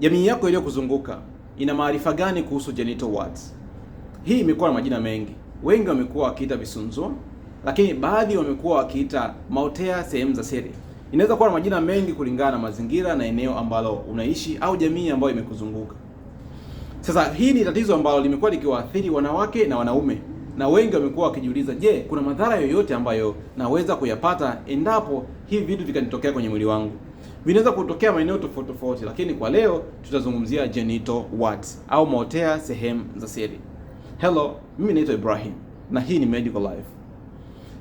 Jamii yako iliyokuzunguka ina maarifa gani kuhusu genital warts? Hii imekuwa na majina mengi, wengi wamekuwa wakiita visunzua, lakini baadhi wamekuwa wakiita maotea sehemu za siri. Inaweza kuwa na majina mengi kulingana na mazingira na eneo ambalo unaishi au jamii ambayo imekuzunguka. Sasa hii ni tatizo ambalo limekuwa likiwaathiri wanawake na wanaume, na wengi wamekuwa wakijiuliza, je, kuna madhara yoyote ambayo naweza kuyapata endapo hivi vitu vikanitokea kwenye mwili wangu? vinaweza kutokea maeneo tofauti tofauti, lakini kwa leo tutazungumzia genital warts au maotea sehemu za siri. Hello, mimi naitwa Ibrahim na hii ni Medical Life.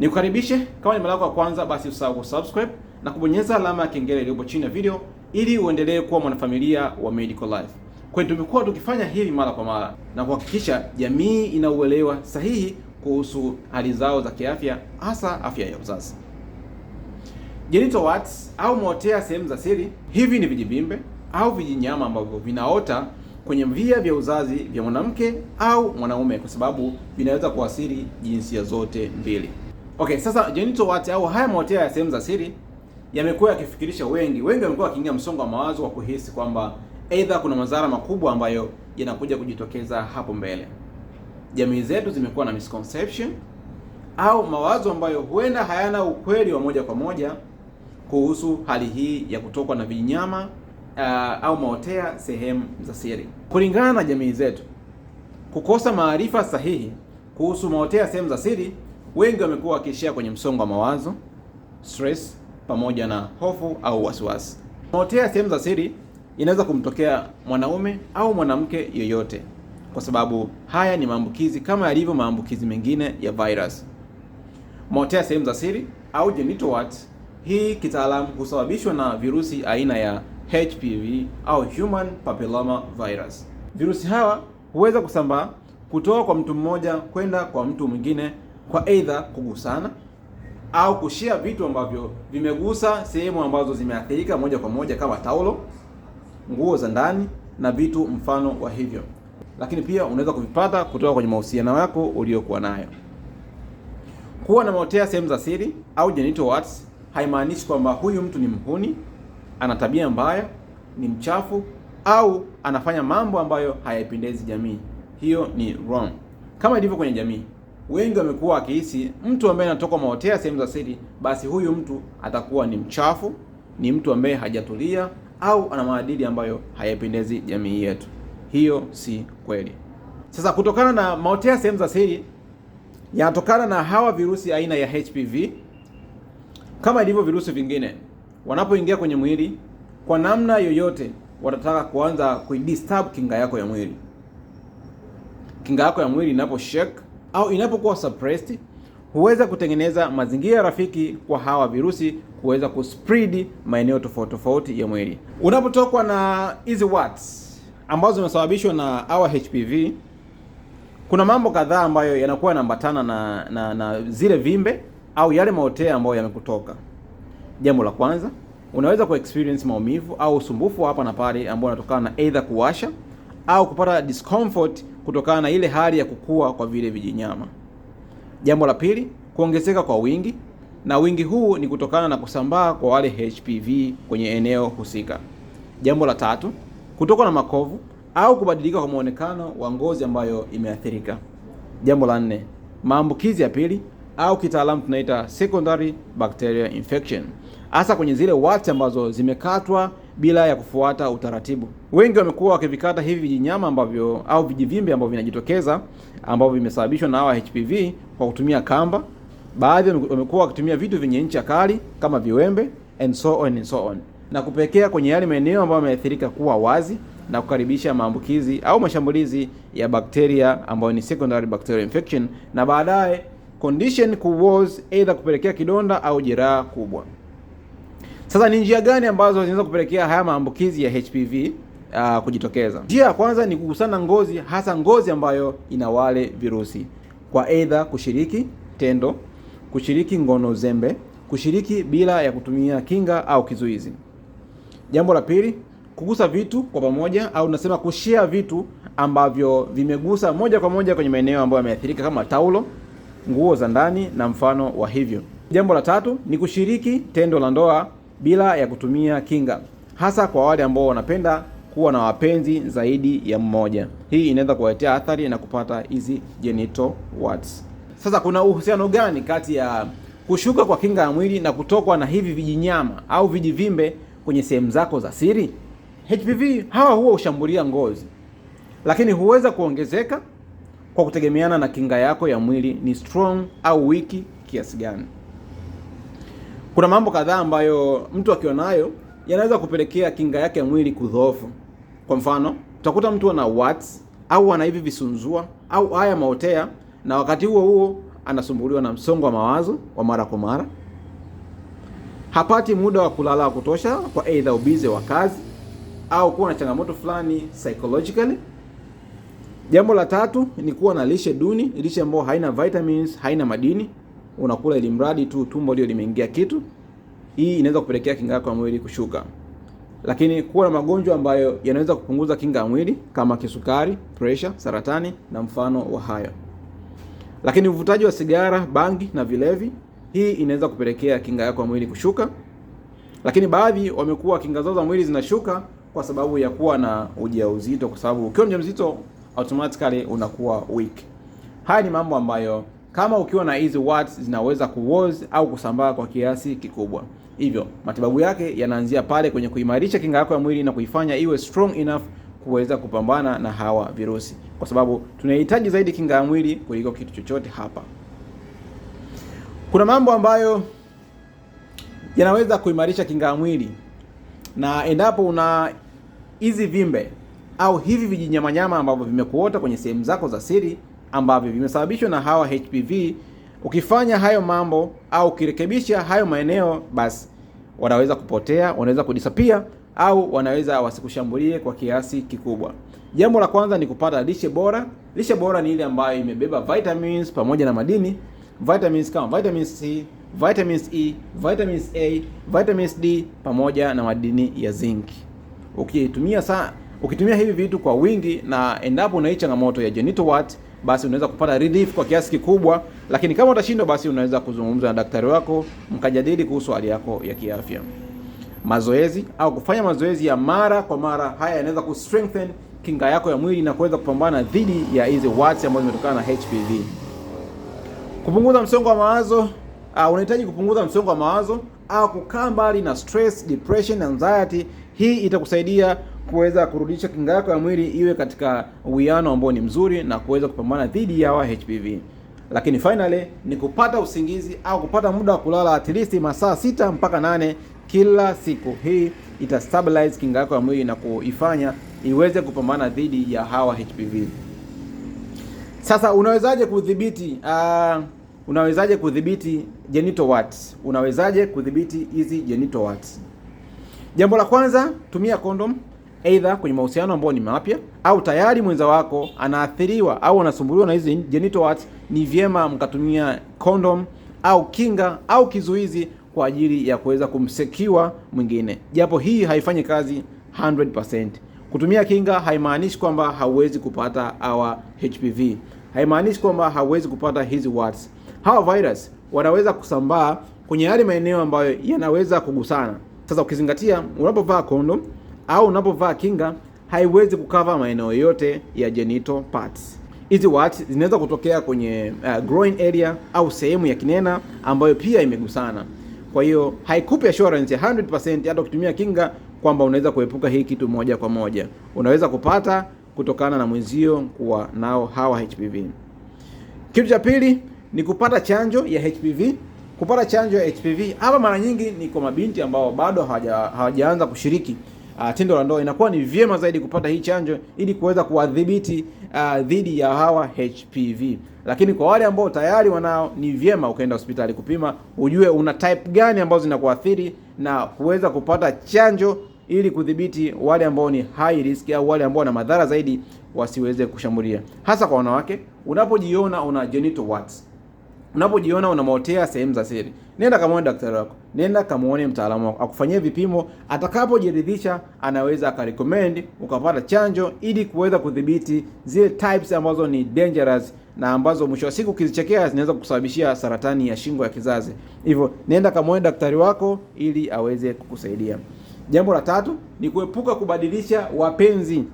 Nikukaribishe, kama ni mara yako ya kwanza, basi usahau kusubscribe na kubonyeza alama ya kengele iliyopo chini ya video ili uendelee kuwa mwanafamilia wa Medical Life. Kwa tumekuwa tukifanya hivi mara kwa mara na kuhakikisha jamii inauelewa sahihi kuhusu hali zao za kiafya, hasa afya ya uzazi. Genital warts au motea sehemu za siri, hivi ni vijivimbe au vijinyama ambavyo vinaota kwenye via vya uzazi vya mwanamke au mwanaume, kwa sababu vinaweza kuathiri jinsia zote mbili. Okay, sasa genital warts au haya motea ya sehemu za siri yamekuwa yakifikirisha wengi. Wengi wamekuwa wakiingia msongo wa mawazo wa kuhisi kwamba aidha kuna madhara makubwa ambayo yanakuja kujitokeza hapo mbele. Jamii zetu zimekuwa na misconception au mawazo ambayo huenda hayana ukweli wa moja kwa moja kuhusu hali hii ya kutokwa na vinyama uh, au maotea sehemu za siri. Kulingana na jamii zetu, kukosa maarifa sahihi kuhusu maotea sehemu za siri, wengi wamekuwa wakiishia kwenye msongo wa mawazo, stress pamoja na hofu au wasiwasi. Maotea sehemu za siri inaweza kumtokea mwanaume au mwanamke yoyote, kwa sababu haya ni maambukizi kama yalivyo maambukizi mengine ya virus. Maotea sehemu za siri au genital warts hii kitaalamu husababishwa na virusi aina ya HPV au Human Papilloma Virus. Virusi hawa huweza kusambaa kutoka kwa mtu mmoja kwenda kwa mtu mwingine kwa aidha kugusana au kushia vitu ambavyo vimegusa sehemu ambazo zimeathirika moja kwa moja kama taulo, nguo za ndani na vitu mfano wa hivyo, lakini pia unaweza kuvipata kutoka kwenye mahusiano yako uliokuwa nayo. Kuwa na maotea sehemu za siri au genital warts haimaanishi kwamba huyu mtu ni mhuni, ana tabia mbaya, ni mchafu au anafanya mambo ambayo hayapendezi jamii. Hiyo ni wrong. Kama ilivyo kwenye jamii, wengi wamekuwa wakihisi mtu ambaye anatoka maotea sehemu za siri, basi huyu mtu atakuwa ni mchafu, ni mtu ambaye hajatulia au ana maadili ambayo hayapendezi jamii yetu. Hiyo si kweli. Sasa kutokana na maotea sehemu za siri yanatokana na hawa virusi aina ya HPV kama ilivyo virusi vingine, wanapoingia kwenye mwili kwa namna yoyote, watataka kuanza kuidisturb kinga yako ya mwili. Kinga yako ya mwili shake au inapokuwa suppressed, huweza kutengeneza mazingira rafiki kwa hawa virusi kuweza kuspread maeneo tofauti tofauti ya mwili. Unapotokwa na hizi warts ambazo zimesababishwa na hawa HPV, kuna mambo kadhaa ambayo yanakuwa yanaambatana na, na, na zile vimbe au yale maotea ambayo yamekutoka. Jambo la kwanza, unaweza ku experience maumivu au usumbufu hapa na pale ambao unatokana na either kuwasha au kupata discomfort kutokana na ile hali ya kukua kwa vile vijinyama. Jambo la pili, kuongezeka kwa wingi, na wingi huu ni kutokana na kusambaa kwa wale HPV kwenye eneo husika. Jambo la tatu, kutokwa na makovu au kubadilika kwa muonekano wa ngozi ambayo imeathirika. Jambo la nne, maambukizi ya pili au kitaalamu tunaita secondary bacteria infection, hasa kwenye zile wati ambazo zimekatwa bila ya kufuata utaratibu. Wengi wamekuwa wakivikata hivi vijinyama ambavyo au vijivimbe ambavyo vinajitokeza ambavyo vimesababishwa na hawa HPV kwa kutumia kamba. Baadhi wamekuwa wakitumia vitu vyenye ncha kali kama viwembe and so on and so on, na kupekea kwenye yale maeneo ambayo yameathirika kuwa wazi na kukaribisha maambukizi au mashambulizi ya bakteria ambayo ni secondary bacterial infection na baadaye condition kuwoz either kupelekea kidonda au jeraha kubwa. Sasa ni njia gani ambazo zinaweza kupelekea haya maambukizi ya HPV uh, ah, kujitokeza? Njia ya kwanza ni kugusana ngozi, hasa ngozi ambayo ina wale virusi kwa either kushiriki tendo, kushiriki ngono zembe, kushiriki bila ya kutumia kinga au kizuizi. Jambo la pili, kugusa vitu kwa pamoja au nasema kushia vitu ambavyo vimegusa moja kwa moja kwenye maeneo ambayo yameathirika kama taulo nguo za ndani na mfano wa hivyo. Jambo la tatu ni kushiriki tendo la ndoa bila ya kutumia kinga, hasa kwa wale ambao wanapenda kuwa na wapenzi zaidi ya mmoja. Hii inaweza kuwaletea athari na kupata hizi genital warts. Sasa kuna uhusiano gani kati ya kushuka kwa kinga ya mwili na kutokwa na hivi vijinyama au vijivimbe kwenye sehemu zako za siri? HPV hawa huwa hushambulia ngozi, lakini huweza kuongezeka kwa kutegemeana na kinga yako ya mwili ni strong au wiki kiasi gani. Kuna mambo kadhaa ambayo mtu akiwa nayo yanaweza kupelekea kinga yake ya mwili kudhoofu. Kwa mfano, utakuta mtu ana warts au ana hivi visunzua au haya maotea, na wakati huo huo anasumbuliwa na msongo wa mawazo wa mara kwa mara, hapati muda wa kulala wa kutosha kwa aidha ubize wa kazi au kuwa na changamoto fulani psychologically Jambo la tatu ni kuwa na lishe duni, lishe ambayo haina vitamins, haina madini, unakula ili mradi tu tumbo lio limeingia kitu. Hii inaweza kupelekea kinga yako ya mwili kushuka. Lakini kuwa na magonjwa ambayo yanaweza kupunguza kinga ya mwili kama kisukari, pressure, saratani na mfano wa hayo. Lakini uvutaji wa sigara, bangi na vilevi, hii inaweza kupelekea kinga yako ya mwili kushuka. Lakini baadhi wamekuwa kinga zao za mwili zinashuka kwa sababu ya kuwa na ujauzito, kwa sababu ukiwa mjamzito automatically unakuwa weak. Haya ni mambo ambayo kama ukiwa na hizi warts zinaweza kuoz au kusambaa kwa kiasi kikubwa. Hivyo matibabu yake yanaanzia pale kwenye kuimarisha kinga yako ya mwili na kuifanya iwe strong enough kuweza kupambana na hawa virusi, kwa sababu tunahitaji zaidi kinga ya mwili kuliko kitu chochote hapa. Kuna mambo ambayo yanaweza kuimarisha kinga ya mwili, na endapo una hizi vimbe au hivi vijinyamanyama ambavyo vimekuota kwenye sehemu zako za siri ambavyo vimesababishwa na hawa HPV. Ukifanya hayo mambo au ukirekebisha hayo maeneo, basi wanaweza kupotea, wanaweza kudisapia au wanaweza wasikushambulie kwa kiasi kikubwa. Jambo la kwanza ni kupata lishe bora. Lishe bora ni ile ambayo imebeba vitamins pamoja na madini, vitamins kama vitamin C, vitamin E, vitamin A, vitamin D pamoja na madini ya zinc. Ukitumia okay, saa Ukitumia hivi vitu kwa wingi na endapo una hii changamoto ya genital wart, basi unaweza kupata relief kwa kiasi kikubwa, lakini kama utashindwa, basi unaweza kuzungumza na daktari wako mkajadili kuhusu hali yako ya kiafya. Mazoezi au kufanya mazoezi ya mara kwa mara, haya yanaweza ku strengthen kinga yako ya mwili na kuweza kupambana dhidi ya hizi warts ambazo zimetokana na HPV. Kupunguza msongo wa mawazo. Uh, unahitaji kupunguza msongo wa mawazo au kukaa mbali na stress, depression, anxiety. Hii itakusaidia kuweza kurudisha kinga yako ya mwili iwe katika uwiano ambao ni mzuri na kuweza kupambana dhidi ya wa HPV. Lakini finally ni kupata usingizi au kupata muda wa kulala at least masaa sita mpaka nane kila siku. Hii ita stabilize kinga yako ya mwili na kuifanya iweze kupambana dhidi ya hawa HPV. Sasa unawezaje kudhibiti uh, unawezaje kudhibiti genital warts? Unawezaje kudhibiti hizi genital warts? Jambo la kwanza, tumia kondomu aidha kwenye mahusiano ambayo ni mapya au tayari mwenza wako anaathiriwa au anasumbuliwa na hizi genital warts, ni vyema mkatumia condom au kinga au kizuizi kwa ajili ya kuweza kumsekiwa mwingine, japo hii haifanyi kazi 100%. Kutumia kinga haimaanishi kwamba hauwezi kupata awa HPV, haimaanishi kwamba hauwezi kupata hizi warts. Hawa virus wanaweza kusambaa kwenye yale maeneo ambayo yanaweza kugusana. Sasa ukizingatia unapovaa kondom au unapovaa kinga haiwezi kukava maeneo yote ya genital parts. Hizi warts zinaweza kutokea kwenye uh, groin area au sehemu ya kinena ambayo pia imegusana. Kwa hiyo haikupi assurance ya 100% hata ukitumia kinga kwamba unaweza kuepuka hii kitu moja kwa moja. Unaweza kupata kutokana na mwenzio kuwa nao hawa HPV. Kitu cha pili ni kupata chanjo ya HPV. Kupata chanjo ya HPV hapa mara nyingi ni kwa mabinti ambao bado hawajaanza kushiriki uh, tendo la ndoa, inakuwa ni vyema zaidi kupata hii chanjo ili kuweza kuwadhibiti uh, dhidi ya hawa HPV. Lakini kwa wale ambao tayari wanao, ni vyema ukaenda hospitali kupima ujue una type gani ambazo zinakuathiri na kuweza kupata chanjo ili kudhibiti wale ambao ni high risk au wale ambao wana madhara zaidi wasiweze kushambulia, hasa kwa wanawake. Unapojiona una genital warts, unapojiona unamotea sehemu za siri nenda kamwone daktari wako, nenda kamwone mtaalamu wako akufanyie vipimo. Atakapojiridhisha anaweza akarecommend ukapata chanjo ili kuweza kudhibiti zile types ambazo ni dangerous na ambazo mwisho wa siku ukizichekea zinaweza kusababishia saratani ya shingo ya kizazi. Hivyo nenda kamwone daktari wako ili aweze kukusaidia. Jambo la tatu ni kuepuka kubadilisha wapenzi.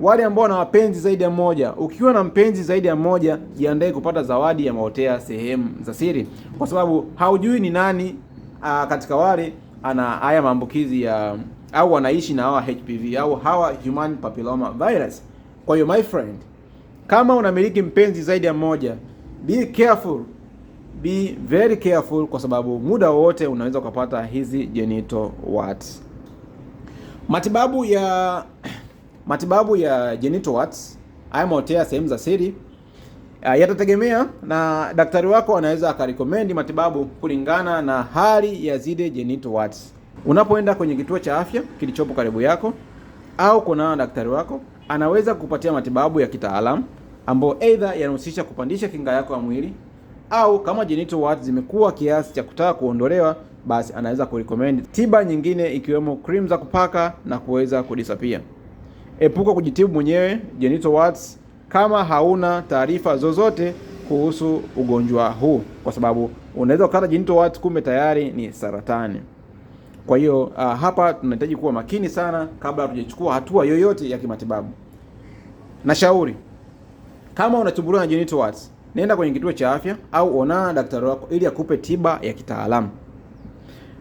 Wale ambao na wapenzi zaidi ya mmoja, ukiwa na mpenzi zaidi ya mmoja, jiandae kupata zawadi ya maotea sehemu za siri, kwa sababu haujui ni nani a, ah, katika wale ana haya maambukizi ya au wanaishi na hawa HPV au hawa human papilloma virus. Kwa hiyo my friend, kama unamiliki mpenzi zaidi ya mmoja, be careful, be very careful, kwa sababu muda wowote unaweza ukapata hizi genital warts. Matibabu ya Matibabu ya genital warts ama otea sehemu za siri uh, yatategemea na daktari wako anaweza akarekomendi matibabu kulingana na hali ya zile genital warts. Unapoenda kwenye kituo cha afya kilichopo karibu yako au kuna daktari wako, anaweza kupatia matibabu ya kitaalamu ambayo aidha yanahusisha kupandisha kinga yako ya mwili au kama genital warts zimekuwa kiasi cha kutaka kuondolewa, basi anaweza kurecommend tiba nyingine ikiwemo cream za kupaka na kuweza kudisapia. Epuka kujitibu mwenyewe genital warts kama hauna taarifa zozote kuhusu ugonjwa huu, kwa sababu unaweza kukata genital warts kumbe tayari ni saratani. Kwa hiyo uh, hapa tunahitaji kuwa makini sana kabla hatujachukua hatua yoyote ya kimatibabu. Nashauri kama unachumbuliwa na genital warts, nenda kwenye kituo cha afya au onana daktari wako ili akupe tiba ya kitaalamu.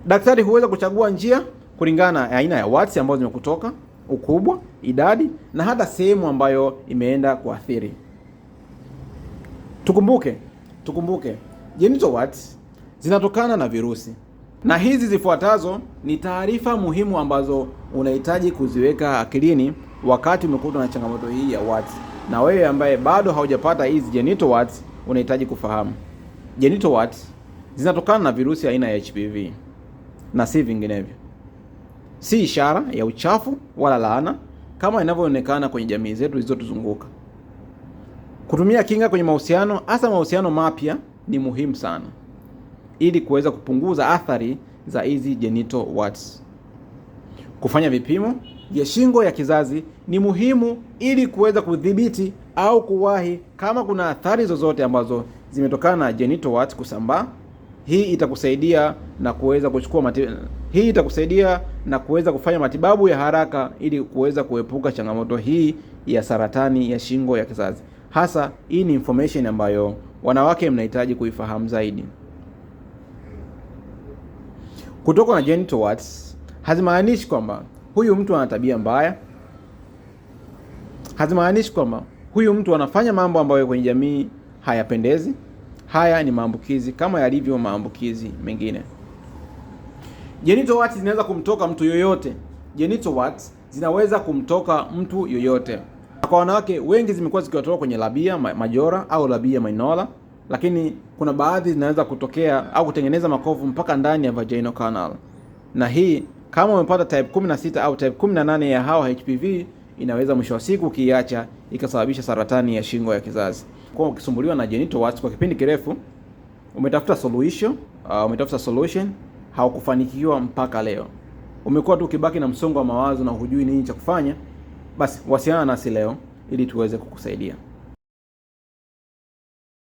Daktari huweza kuchagua njia kulingana na aina ya warts ambazo zimekutoka ukubwa, idadi na hata sehemu ambayo imeenda kuathiri. Tukumbuke, tukumbuke genital warts zinatokana na virusi, na hizi zifuatazo ni taarifa muhimu ambazo unahitaji kuziweka akilini wakati umekutwa na changamoto hii ya warts, na wewe ambaye bado haujapata hizi genital warts unahitaji kufahamu genital warts zinatokana na virusi aina ya HPV na si vinginevyo si ishara ya uchafu wala laana kama inavyoonekana kwenye jamii zetu zilizotuzunguka. Kutumia kinga kwenye mahusiano, hasa mahusiano mapya, ni muhimu sana ili kuweza kupunguza athari za hizi genital warts. Kufanya vipimo vya shingo ya kizazi ni muhimu ili kuweza kudhibiti au kuwahi kama kuna athari zozote ambazo zimetokana na genital warts kusambaa hii itakusaidia na kuweza kuchukua mati... hii itakusaidia na kuweza kufanya matibabu ya haraka ili kuweza kuepuka changamoto hii ya saratani ya shingo ya kizazi. Hasa hii ni information ambayo wanawake mnahitaji kuifahamu zaidi. kutoka na genital warts hazimaanishi kwamba huyu mtu ana tabia mbaya, hazimaanishi kwamba huyu mtu anafanya mambo ambayo kwenye jamii hayapendezi. Haya ni maambukizi kama yalivyo maambukizi mengine. Genital warts zinaweza kumtoka mtu yoyote. Genital warts zinaweza kumtoka mtu yoyote. Kwa wanawake wengi zimekuwa zikiwatoka kwenye labia majora au labia minora, lakini kuna baadhi zinaweza kutokea au kutengeneza makovu mpaka ndani ya vaginal canal, na hii kama umepata type 16 au type 18 ya hawa HPV inaweza mwisho wa siku ukiiacha ikasababisha saratani ya shingo ya kizazi kwa ukisumbuliwa na genital warts kwa kipindi kirefu, umetafuta solution, uh, umetafuta solution haukufanikiwa mpaka leo. Umekuwa tu ukibaki na msongo wa mawazo na hujui nini cha kufanya, basi wasiana nasi leo ili tuweze kukusaidia.